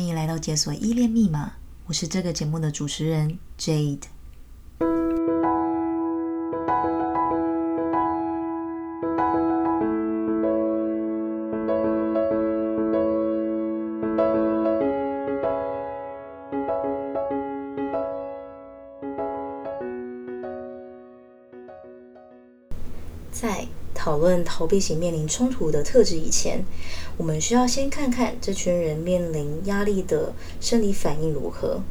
歡迎來到《解鎖依戀密碼》，我是這個節目的主持人 Jade。討論逃避型面臨衝突的特質以前，我們需要先看看這群人面臨壓力的生理反應如何。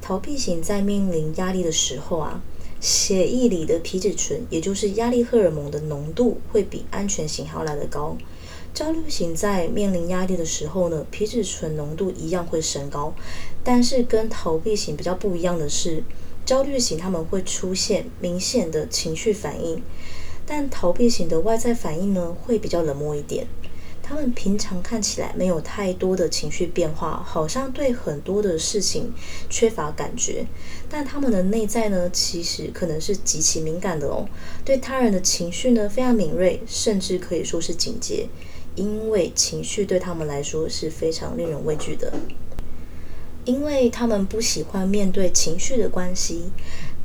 逃避型在面臨壓力的時候啊，血液裡的皮質醇，也就是壓力荷爾蒙的濃度會比安全型還要來得高。焦慮型在面臨壓力的時候呢，皮質醇濃度一樣會升高，但是跟逃避型比較不一樣的是，焦慮型他們會出現明顯的情緒反應。但逃避型的外在反應呢，會比較冷漠一點。他們平常看起來沒有太多的情緒變化，好像對很多的事情缺乏感覺。但他們的內在呢，其實可能是極其敏感的哦。對他人的情緒呢，非常敏銳，甚至可以說是警戒，因為情緒對他們來說是非常令人畏懼的。因為他們不喜歡面對情緒的關係。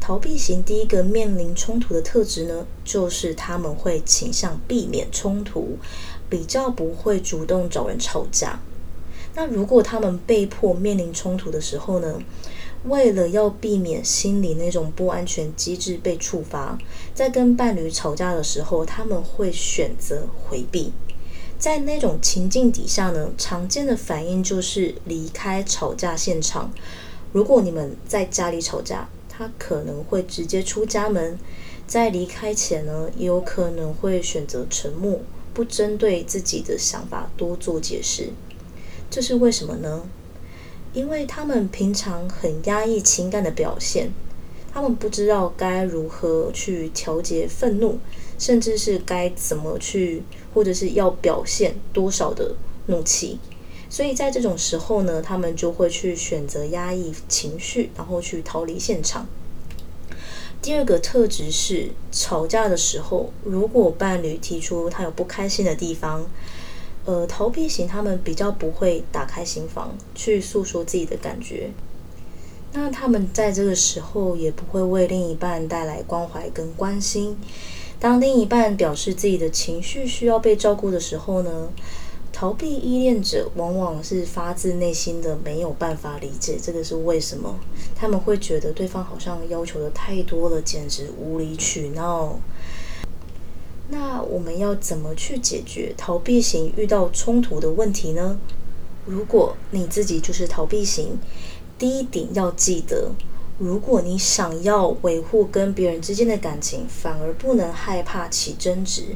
逃避型第一個面臨衝突的特質呢，就是他們會傾向避免衝突，比較不會主動找人吵架。那如果他們被迫面臨衝突的時候呢，為了要避免心理那種不安全機制被觸發，在跟伴侶吵架的時候，他們會選擇回避。在那種情境底下呢，常見的反應就是離開吵架現場。如果你們在家裡吵架，他可能會直接出家門，在離開前呢，也有可能會選擇沉默，不針對自己的想法多做解釋。這是為什麼呢？因為他們平常很壓抑情感的表現，他們不知道該如何去調節憤怒，甚至是該怎麼去，或者是要表現多少的怒氣。所以在這種時候呢，他們就會去選擇壓抑情緒，然後去逃離現場。第二個特質是吵架的時候，如果伴侶提出他有不開心的地方，呃，逃避型他們比較不會打開心房去訴說自己的感覺。那他們在這個時候也不會為另一半帶來關懷跟關心。當另一半表示自己的情緒需要被照顧的時候呢，逃避依戀者往往是發自內心的沒有辦法理解這個是為什麼，他們會覺得對方好像要求的太多了，簡直無理取鬧。那我們要怎麼去解決逃避型遇到衝突的問題呢？如果你自己就是逃避型，第一點要記得，如果你想要維護跟別人之間的感情，反而不能害怕起爭執。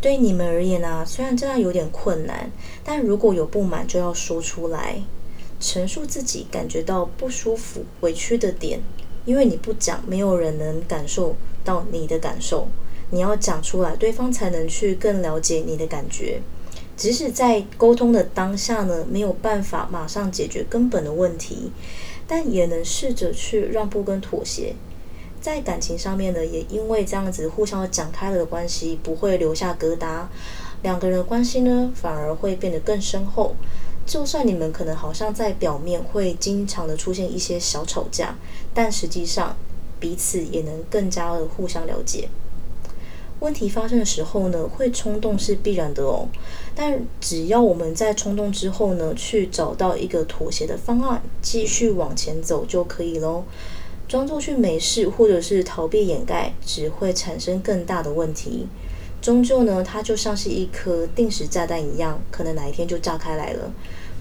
對你們而言呢、啊，雖然這樣有點困難，但如果有不滿就要說出來，陳述自己感覺到不舒服、委屈的點，因為你不講，沒有人能感受到你的感受，你要講出來，對方才能去更了解你的感覺。即使在溝通的當下呢，沒有辦法馬上解決根本的問題，但也能試着去讓步跟妥協。在感情上面呢，也因為這樣子互相的講開了的關係，不會留下疙瘩。兩個人的關係呢，反而會變得更深厚。就算你們可能好像在表面會經常的出現一些小吵架，但實際上彼此也能更加的互相了解。問題發生的時候呢，會衝動是必然的哦，但只要我們在衝動之後呢，去找到一個妥協的方案，繼續往前走就可以嘍。裝作去沒事，或者是逃避掩蓋，只會產生更大的問題。終究呢，它就像是一顆定時炸彈一樣，可能哪一天就炸開來了。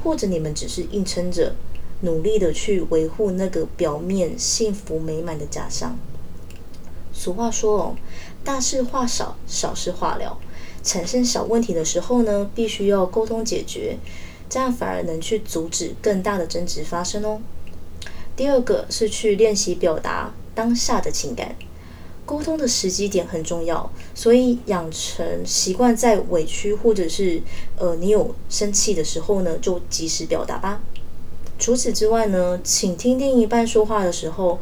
或者你們只是硬撐着，努力的去維護那個表面幸福美滿的假象。俗話說哦，大事化小，小事化了。產生小問題的時候呢，必須要溝通解決，這樣反而能去阻止更大的爭執發生哦。第二個是去練習表達當下的情感，溝通的時機點很重要，所以養成習慣在委屈或者是呃你有生氣的時候呢，就及時表達吧。除此之外呢，傾聽另一半說話的時候，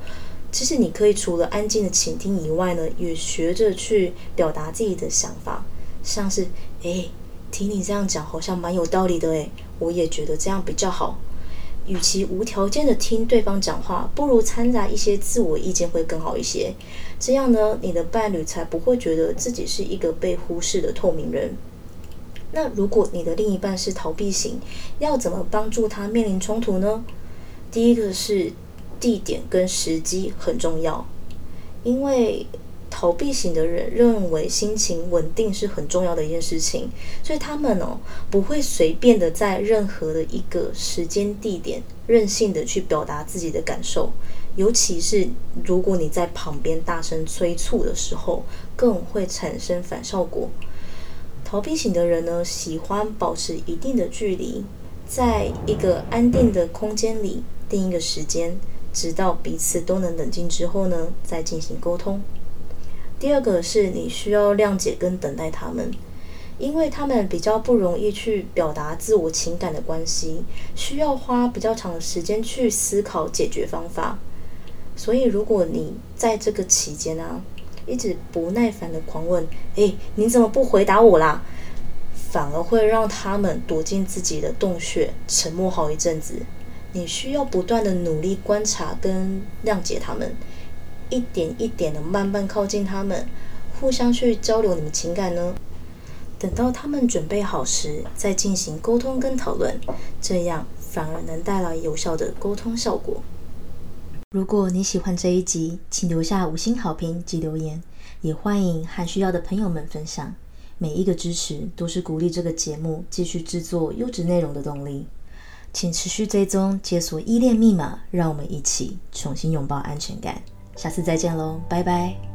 其實你可以除了安靜的傾聽以外呢，也學着去表達自己的想法，像是誒，聽你這樣講好像蠻有道理的誒，我也覺得這樣比較好。與其無條件的聽對方講話，不如摻雜一些自我意見會更好一些。這樣呢，你的伴侶才不會覺得自己是一個被忽視的透明人。那如果你的另一半是逃避型，要怎麼幫助他面臨衝突呢？第一個是地點跟時機很重要，因為逃避型的人認為心情穩定是很重要的一件事情，所以他們呢、哦，不會隨便的在任何的一個時間地點任性的去表達自己的感受，尤其是如果你在旁邊大聲催促的時候，更會產生反效果。逃避型的人呢喜歡保持一定的距離，在一個安定的空間裡定一個時間，直到彼此都能冷靜之後呢再進行溝通。第二個是你需要諒解跟等待他們，因為他們比較不容易去表達自我情感的關係，需要花比較長的時間去思考解決方法。所以如果你在這個期間啊，一直不耐煩的狂問，哎、欸，你怎麼不回答我啦？反而會讓他們躲進自己的洞穴，沉默好一陣子。你需要不斷的努力觀察跟諒解他們。一點一點的慢慢靠近他們，互相去交流你們情感呢。等到他們準備好時，再進行溝通跟討論，這樣反而能帶來有效的溝通效果。如果你喜歡這一集，請留下五星好評及留言，也歡迎和需要的朋友們分享。每一個支持都是鼓勵這個節目繼續製作優質內容的動力。請持續追蹤，解鎖依戀密碼，讓我們一起重新擁抱安全感。下次再見嘍，拜拜。